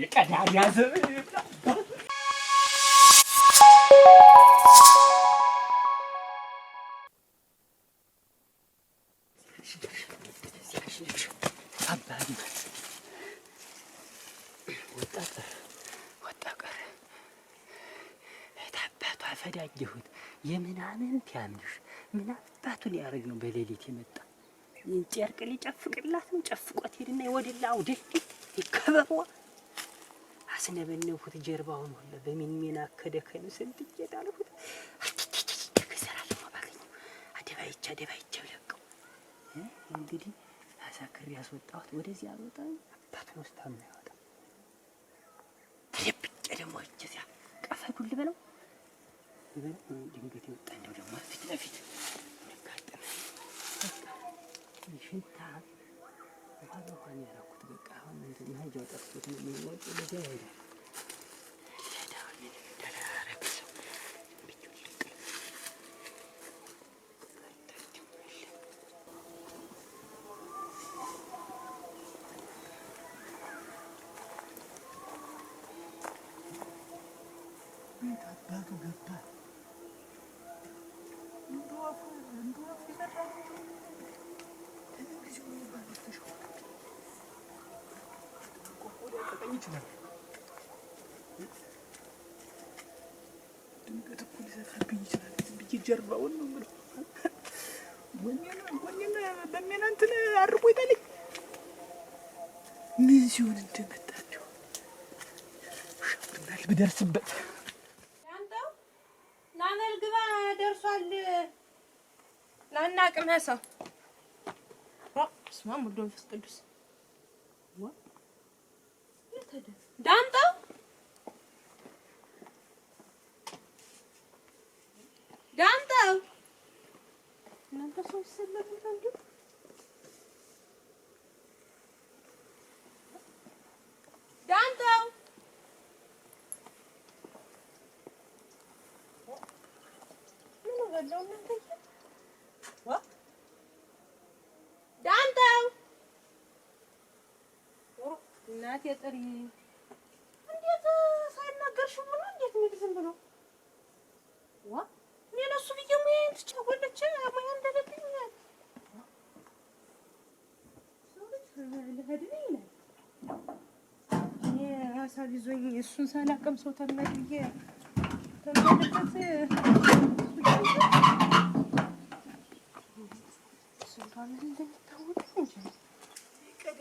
የቀዳዳ ዘመን ፈዳጀሁት የምናምን ቲያምሽ ምን አባቱን ያደረግ ነው? በሌሊት የመጣ ጨርቅ ሊጨፍቅላት ነው። ጨፍቆት ሄድና ይወድላ አውደ ይከበቧ አስነበነኩት ጀርባውን ሁሉ በሚንሚና ከደከም ስንት እየጣልኩት እሰራለሁ። ባገኘው አደባይቻ አደባይቻ ብለቀው እንግዲህ ያስወጣሁት ወደዚህ አልወጣም። ተደብቄ ደግሞ እዚያ ቀፈዱን ልበለው ድንገት የወጣ እንደው ደግሞ ፊት ለፊት ሽንታ ውሃ Nah, jangan takut, nak buat apa dia? ይችላል። ድንገት እኮ ሊሰፋብኝ ይችላል ብዬ ጀርባውን ነው የምለው። በሜና እንትን አድርጎ ይጠልኝ ምን ሲሆን እንደመጣችሁ ብደርስበት ያንተው ናመል ግባ ደርሷል። ናና ቅመሰው ስማም መንፈስ ቅዱስ ዳምጠው ዳምጠው እናንተ ሰዎች ዳምጠው ምን በለው እናንተ እናቴ ጥሪ እንዴት ሳይናገርሽ ብሎ እንዴት ሚል ዝም ብሎ ዋ ለነሱ ብዬ ሙያዬን ትጫወለች ሙያ እንደለብኝ ይላል። ሀሳብ ይዞኝ እሱን ሳላቅም ሰው ተመድ ብዬ ተመለከት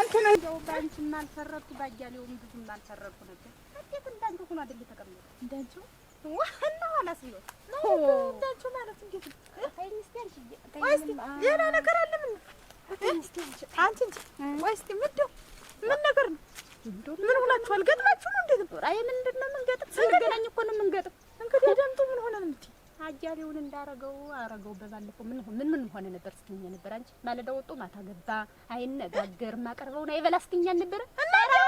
አንተ ነው ባያሌውም ነበር። እንዴት እንዳንቺ ሆኖ አይደል እንዳንቺ ዋና እንዳንቺ ማለት እንዴት ሚስቴር ሌላ ነገር አለ? ምን አንቺ እንጂ ወይስ ምንድነው? ምን ነገር ነው? ምን ሆናችኋል? ገጥማችሁ ነው? እንዴት ነው? ስንገናኝ እኮ ነው የምንገጥም። እንግዲህ ምን ሆነ ነው የምትይኝ አጃቢውን እንዳረገው አረገው። በባለፈው ምን ምን ምን ሆነ ነበር ስትኛ ነበር አንቺ ማለዳ ወጡ ማታ ገባ አይነጋገር ማቀርበውን አይበላ ስትኛ ነበር።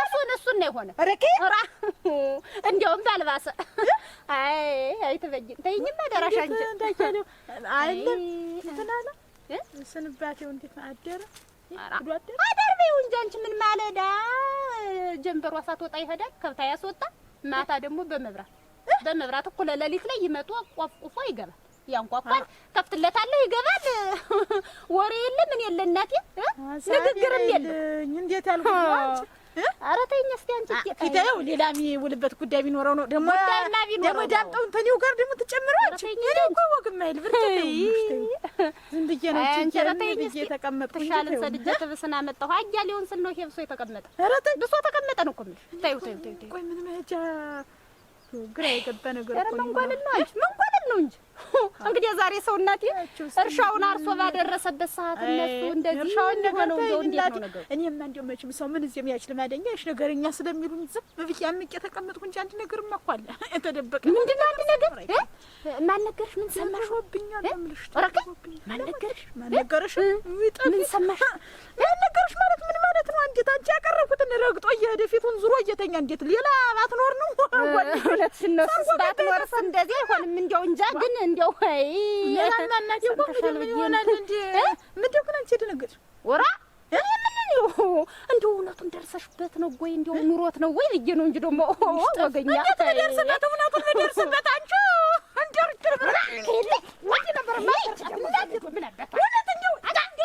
እሱን እሱን ነው የሆነ ረኬ ራ እንዲያውም ባልባሰ አይ አይ አይተበጅን ተይኝማ አደራሽ አንቺ አይደል ትናለ ስንባቴው እንዴት አደረ አደር በይው እንጂ አንቺ ምን ማለዳ ጀንበሯ ሳትወጣ ይሄዳል ከብታ ያስወጣ ማታ ደግሞ በመብራት በመብራት እኮ ለሌሊት ላይ ይመጡ ቆፍቁፎ ይገባል። ያንኳኳል፣ ከፍትለታለሁ፣ ይገባል። ወሬ የለ ምን የለ እናቴ፣ ንግግርም የለ። እንዴት ያልኩ ኧረ ተይኝ እስኪ አንቺ ፊታየው ሌላ የሚውልበት ጉዳይ ቢኖረው ነው ደግሞ ደግሞ ዳምጠው እንትኔው ጋር ደግሞ ትጨምረው አንቺ እኔ እኮ ወግ የማይል ብርቅ ዝም ብዬ ነው ብዬ የተቀመጥኩ ትሻለን ሰድጄ ትብስን አመጣሁ አያሌውን ስል ነው ይሄ ብሶ የተቀመጠ ብሶ ተቀመጠ ነው እኮ የምልሽ ተይው ተይው ተይው ቆይ ምን መሄጃ ግራ የገባ ነገር ነው። መንጓለል ነው አንቺ መንጓለል ነው እንጂ እንግዲህ የዛሬ ሰው እናቴ እርሻውን አርሶ ባደረሰበት ሰዓት እነሱ እንደዚህ እርሻውን እንደሆነ እንደው እንዴት ነው ነገሩ? እኔማ እንደው መቼም ሰው ምን እዚህ የሚያችል ማደኛ እሺ ነገረኛ ስለሚሉኝ ዝም ብዬሽ አምቄ ተቀመጥኩ እንጂ አንድ ነገር ማኳለ የተደበቀ ምንድን ነው? አንድ ነገር ማን ነገርሽ? ምን ሰማሽ? ወብኛል ነው የምልሽ። ማን ነገርሽ? ማን ነገርሽ? ምን ሰማሽ? ማን ነገርሽ ማለት አንቺ ታንቺ ያቀረብኩትን ረግጦ እየሄደ ፊቱን ዙሮ እየተኛ እንዴት ሌላ ባትኖር ነው እውነትሽን ነው። እሱ ባትኖርስ እንደዚህ አይሆንም። እንዲያው እንጃ ግን እንዲያው ሌላናናት እኮ እንግዲህ ምን ይሆናል? እንዲ ምንድን ግን አንቺ ድንግጥ ወራ እንደው እውነቱን ደርሰሽበት ነው ወይ እንደው ኑሮት ነው ወይ ልዬ ነው እንጂ ደግሞ ወገኛ ደርስበት እውነቱን ደርስበት አንቺ እንደርድር ብላ ሄለ ወዲ ነበር ምን አገባኝ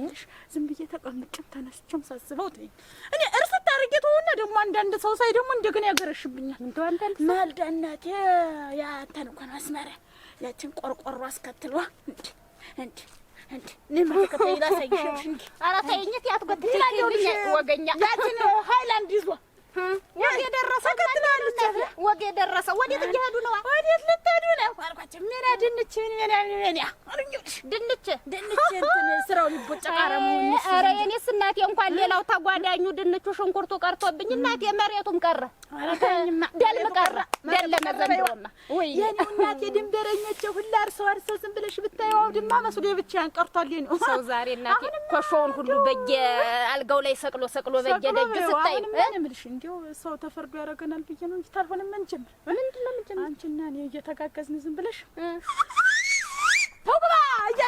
ይኸውልሽ ዝም ብዬ ተቀምጬም ተነስቼም ሳስበው ተይኝ። እኔ እርስ ታርጌ ተሆነ ደግሞ አንዳንድ ሰው ሳይ ደግሞ እንደገና ያገረሽብኛል። እንደው አንዳንድ ማልዳ እናቴ ያንተን እንኳን ያችን ቆርቆሮ አስከትሏ እንዲ እንዲ ወዴት እየሄዱ ነው? ወዴት ልትሄዱ ነው? አልኳቸው ሜና ድንችን ሜና ያ ድንች ድንች እንትን ስራውን ይቦጫቃረ መሆን ኧረ የኔስ እናቴ እንኳን ሌላው ተጓዳኙ ድንቹ ሽንኩርቱ ቀርቶብኝ እናቴ መሬቱም ቀረ ደልም ቀረ ደለመ ዘንድሮማ የኔው እናቴ ድንበረኞቼ ሁላ አርሰው አርሰው ዝም ብለሽ ብታየው አውድማ መስሎ ብቻዬን ቀርቷል። የኔው ሰው ዛሬ እናቴ ኮሾውን ሁሉ በየ አልጋው ላይ ሰቅሎ ሰቅሎ በየ ደጅ ስታይ ምልሽ እንዲው ሰው ተፈርዶ ያደርገናል ብዬ ነው እንጂ ታልሆንም እንችም ምንድን ነው ምንጭም አንቺና እኔ እየተጋገዝን ዝም ብለሽ 哎呀！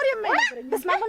ወሬ የማይነግረኝ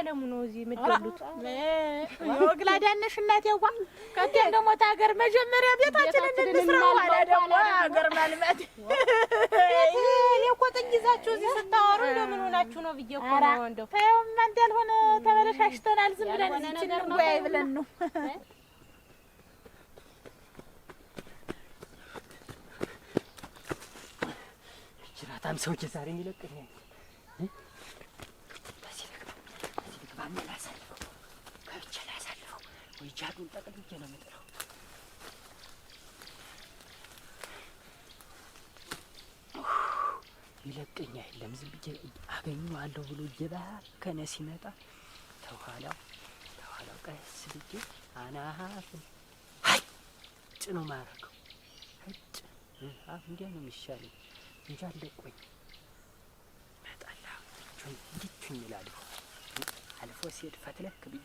አለሙ ነው እዚህ የምትሉት? ወግላዳነሽ እናት ያዋ ከቴም ደግሞ ሀገር መጀመሪያ ቤታችንን እንስራ ዋላ ደግሞ ሀገር ማልማት እኔ እኮ ጥኝ ይዛችሁ እዚህ ስታወሩ እንደምን ሆናችሁ ነው ብዬ እኮ ነው። እንደው ተይውማ እንዳልሆነ ተበለሻሽተናል። ዝም ብለን እዚችን እንወያይ ብለን ነው ጅራታም ሰውዬ ዛሬ የሚለቅኝ ጃዱን ጠቅልዬ ነው የምጥለው። ይለቀኝ አይደለም ዝም ብዬ አገኘዋለሁ ብሎ እየባከነ ሲመጣ ተኋላው ተኋላው ቀስ ብዬ አናሀፍ ጭ ነው ማረገው ጭ እንዲያ ነው የሚሻለኝ። እንጃ አለቆኝ መጣላ እንዲቹ ይላል አልፎ ሲሄድ ፈትለክ ብዬ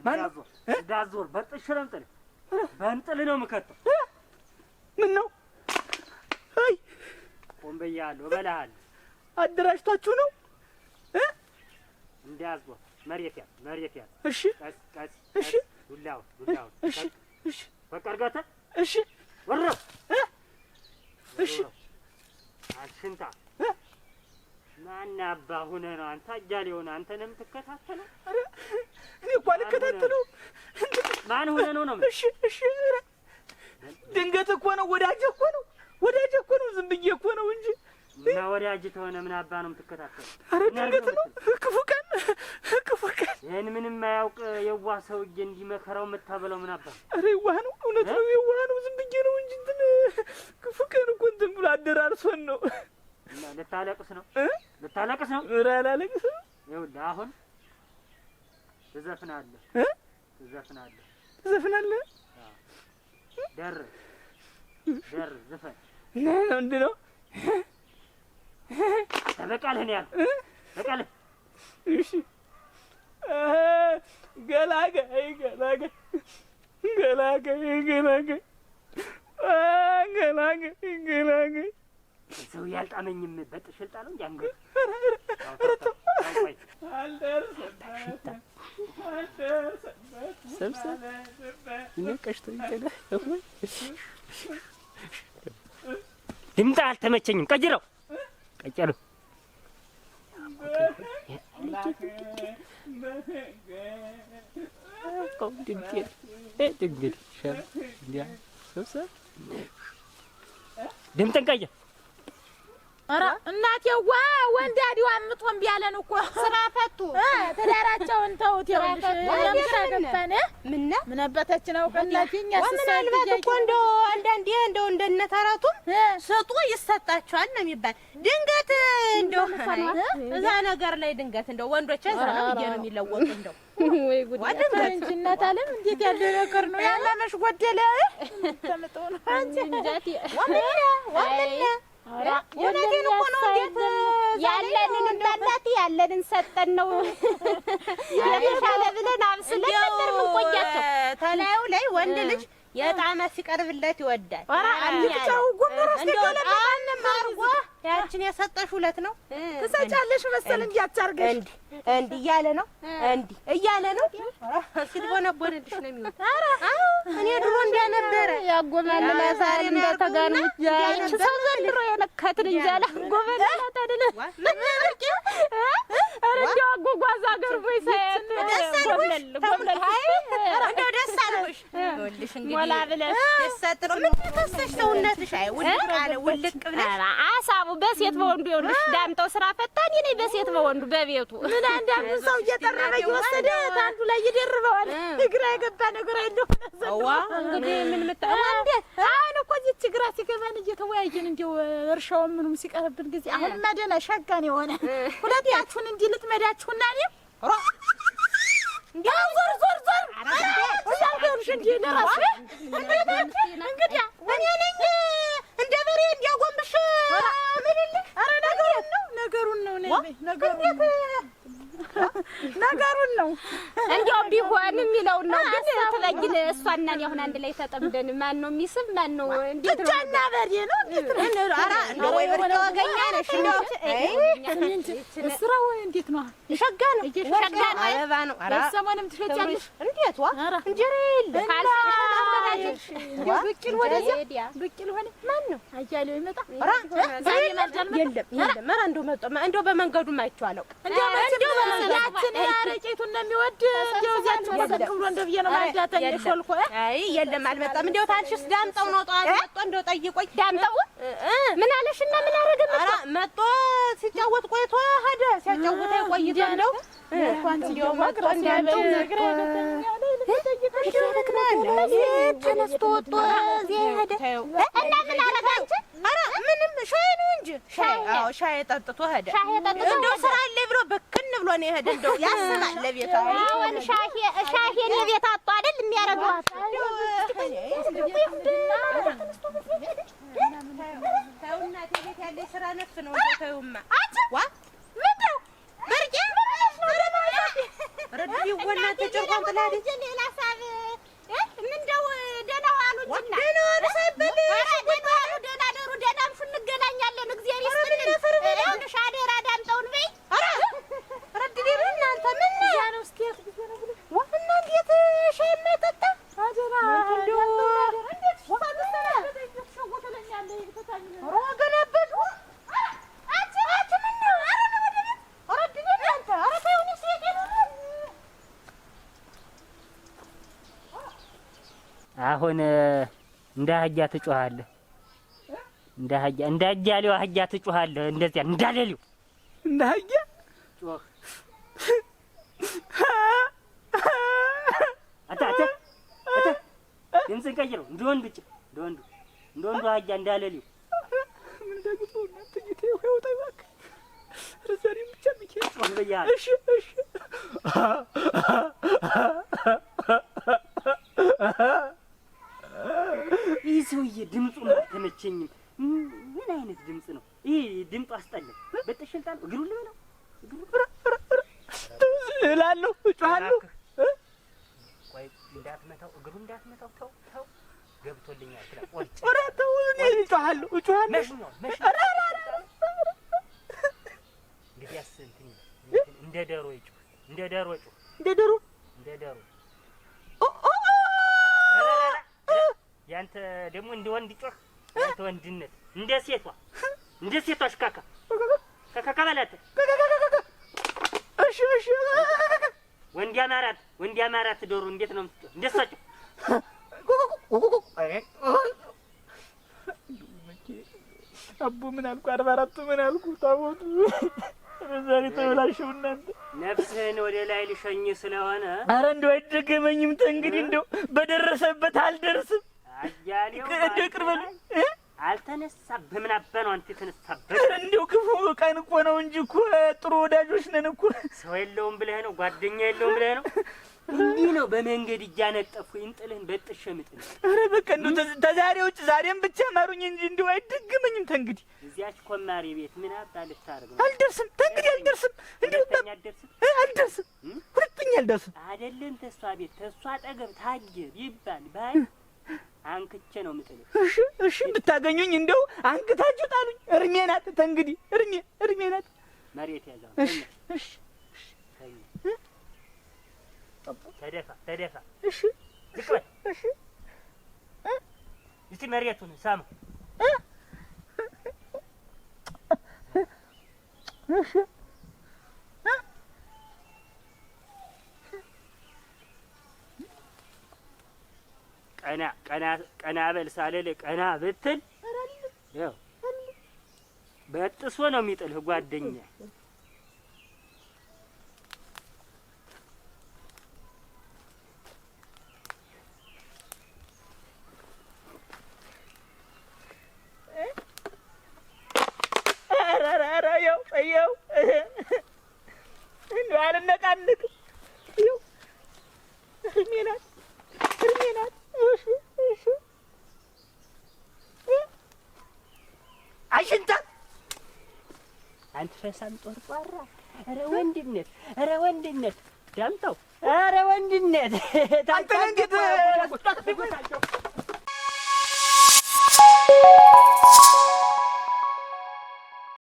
እንዳዞር በጥሽ ለምጥል በእንጥል ነው የምከተው። ምን ነው ቆንብያለሁ፣ እበላሃለሁ። አደራጅታችሁ ነው እንዳዞር። መሬት ያዝ፣ መሬት ያዝ። እሺ፣ ቀስ፣ እሺ፣ ዱላውን፣ ዱላውን፣ እሺ፣ እሺ፣ በቃ እሺ፣ ወረብ፣ እሺ፣ አንተ ማን አባ ሁነ ነው አንተ አጃሌ ሆነህ አንተ ነው የምትከታተለው? ኧረ እኔ እኮ አልከታተለውም። ማን ሁነ ነው ነው? እሺ እሺ። ኧረ ድንገት እኮ ነው፣ ወዳጅ እኮ ነው፣ ወዳጅ እኮ ነው። ዝም ብዬ እኮ ነው እንጂ እና ወዳጅ ተሆነ ምን አባ ነው የምትከታተለው? ኧረ ድንገት ነው፣ ክፉ ቀን፣ ክፉ ቀን። ይህን ምንም አያውቅ የዋህ ሰውዬ እንዲህ መከራው የምታበለው ምን አባ። ኧረ የዋህ ነው፣ እውነት ነው፣ የዋህ ነው። ዝም ብዬ ነው እንጂ እንትን ክፉ ቀን እኮ እንትን ብሎ አደራርሶን ነው ልታለቅስ ነው ልታለቅስ ነው። ኧረ አላለቅስም። ይኸውልህ አሁን ትዘፍናለህ ትዘፍናለህ ትዘፍናለህ። ደርብ ደርብ ዝፈን። ምንድን ነው በቃልህን ያልኩህ በቃልህ። እሺ ገላጋይ ገላጋይ ገላጋይ ገላጋይ ገላጋይ ገላጋይ ሰው ያልጣመኝም በጥሽ ልጣለው እንጂ አንገ ድምጣ አልተመቸኝም። ቀጅረው ቀጨረው ድምጤን ቀይር ኧረ እናቴዋ ወንድ አዲዋ ምጦም ቢያለን እኮ ስራ ፈቱ ትዳራቸውን ተውት። ይኸውልሽ ገፈን ምን አባታችን አውቀላት የእኛ ምናልባት እኮ እንደው አንዳንዴ እንደው እንደነ ተረቱም ስጡ ይሰጣቸዋል ነው የሚባል። ድንገት እንደው እዛ ነገር ላይ ድንገት እንደው ወንዶች እዛ ነው ብዬሽ ነው የሚለወጡ እንደው ወይ ጉድ! ፈረንጅነት አለም እንዴት ያለ ነገር ነው! ያለመሽ ጎደለ ተምጦ ነው እንጂ እንጃ ወምነ እውነቴን እኮ ነው። እንዴት ያለንን እንዳላት ያለንን ሰጠን ነው የተሻለ ብለን አብስለን ነበር የምንቆያቸው። ተላዩ ላይ ወንድ ልጅ የጣመ ሲቀርብለት ይወዳል። ኧረ አንቺ ብቻውን ጉንበር ውስጥ የገለበጠ አድርጎ ያንቺን የሰጠሽ ሁለት ነው ትሰጫለሽ መሰል እንዲህ አታርገሽ እንዲ እንዲህ እያለ ነው እንዲ እያለ ነው ሲልቦነቦንልሽ ነው የሚሆን። እኔ ድሮ እንዲያ ነበረ ያጎመልላሳሪ እንደተጋኑት ያንቺ ሰው ዘንድሮ የነካትን እንጂ ጎበል ጎመልላት አይደለ ምናርቂ ኧረ እንዲያው አጎጓዛ አገር ቦይ ሳያት ጎመል ጎመል ይኸውልሽ እንግዲህ ሞላ ብለሽ ይሰጥሩ ምን ተፈሰሽ ሰውነትሽ አይ ውልቅ አለ ውልቅ ብለሽ አሳቡ በሴት በወንዱ ይኸውልሽ ዳምጠው ስራ ፈታኝ እኔ በሴት በወንዱ በቤቱ ምን አንድ አምስት ሰው እየጠረበ እየወሰደ አንዱ ላይ ይደርበዋል። እግራ የገባ ነገር አይደለም። አዋ እንግዲህ ምን መጣው አሁን እኮ እዚህ ግራ ሲገባን እየተወያየን እንደው እርሻውን ምኑም ሲቀርብን ጊዜ አሁን መደና ሸጋን የሆነ ሁለታችሁን እንዲህ ልትመዳችሁና እኔም ዞር ዞር ዞር እያልሽ እንደ ለራስሽ እንግዲያ እኔ ነኝ እንደ በሬ እንዲያጎንብሽ ምልልሽ። ኧረ ነገሩን ነው ነገሩን ነው ነገሩን ነው ጥቅም የሚለው ነው። ግን ትበይን እሷና አሁን አንድ ላይ ተጠምደን ማን ነው የሚስብ ማን ነው? እንዴት ነው ብቻና በሬ ነው እንዴት ነው? ሸጋ ነው ሸጋ ነው። አበባ ነው። ሰሞንም ትሸጫለሽ እንዴት ዋ እንጀራ የለ እንደው በመንገዱ አይቼዋለሁ። ረቄቱን ነው የሚወድ የለም አልመጣም። እንደው ታልሽስ ዳምጠው ነው ጠዋት እንደው ጠይቆኝ ዳምጠው ምን አለሽና ምን አደረገ? መጥቶ ሲጫወት ቆይቶ ሄደ። ሲያጫወት ቆይቶ እንደው እንኳን ሲያወቅ እንደው ተነስቶ ወጥቶ ሄደ እና ምን አደረጋችሁ? ኧረ ምንም ሻይ ነው እንጂ ሻይ ጠጥቶ ሄደ። እንደው ስራ አለ ብሎ በክን ብሎ ነው የሄደ። እንደው ያስባል ለቤት አሁን ሻሄን የቤት አጥቶ አይደል የሚያደርገው አንቺ አሁን እንደ አህያ ትጮሃለህ። እንደ አህያ እንደ አያሌው አህያ ትጮሃለህ። እንደዚያ እንዳለሌው እንደ አህያ ጮህ አታ አታ አታ ድምፅህን ቀይረው። እንደ ወንዱ ጭ እንደ ወንዱ እንደ ወንዱ አህያ እንዳለሌው ምን ደግጦ እናትኝቴ ይኸው ይወጣ ይባክ ረዘሪም ብቻ ሚኬ ጮህ በያል እሺ እሺ ብዬ ድምፁን አልተመቸኝም። ያንተ ደግሞ እንደ ወንድ ጮህ፣ አንተ ወንድነት እንደ ሴቷ እንደ ሴቷ ሽካካ ከካካ በላት። እሺ እሺ፣ ወንድ ያማራት ወንድ ያማራት ዶሮ እንዴት ነው የምትጮህ? እንደ እሷ ጮህ። አቦ ምን አልኩ? አርባ አራቱ ምን አልኩ? ታቦቱ ዛሬ ተበላሸው። እናንተ ነፍስህን ወደ ላይ ልሸኝ ስለሆነ፣ አረ እንደው አይደገመኝም። እንግዲህ እንደው በደረሰበት አልደርስም አያሌው ቅርበል አልተነሳብህ። ምን አባ ነው አንተ የተነሳበት? እንዲሁ ክፉ ቀን እኮ ነው እንጂ እኮ ጥሩ ወዳጆች ነን እኮ። ሰው የለውም ብለህ ነው? ጓደኛ የለውም ብለህ ነው? እንዲህ ነው በመንገድ እያነጠፉ ይንጥልህን በጥሽ ምጥል። ኧረ በቃ እንደው ተዛሬ ውጭ ዛሬም ብቻ ማሩኝ እንጂ እንዲሁ አይደግመኝም። ተንግዲህ እዚያች ኮማሪ ቤት ምን አባ ልታርግ ነው? አልደርስም፣ ተንግዲህ አልደርስም፣ እንዲሁ አልደርስም፣ ሁለተኛ አልደርስም። አይደለም ተሷ ቤት ተሷ አጠገብ ታየ ይባል ባይ አንክቼ ነው የምጥልህ። እሺ እሺ፣ ብታገኙኝ እንደው አንክታችሁ ጣሉኝ። እርሜ ናት ተንግዲህ፣ እርሜ እርሜ ናት። መሬት ያዛ። እሺ እሺ፣ ተደፋ ተደፋ። እሺ ልቅበል። እሺ እስቲ መሬቱን ሳማ። እሺ ቀና ቀና ቀና በል ሳልል ቀና ብትል በጥሶ ነው የሚጥልህ ጓደኛ ጦርጧራ። ኧረ ወንድነት ኧረ ወንድነት ዳምጠው ኧረ ወንድነት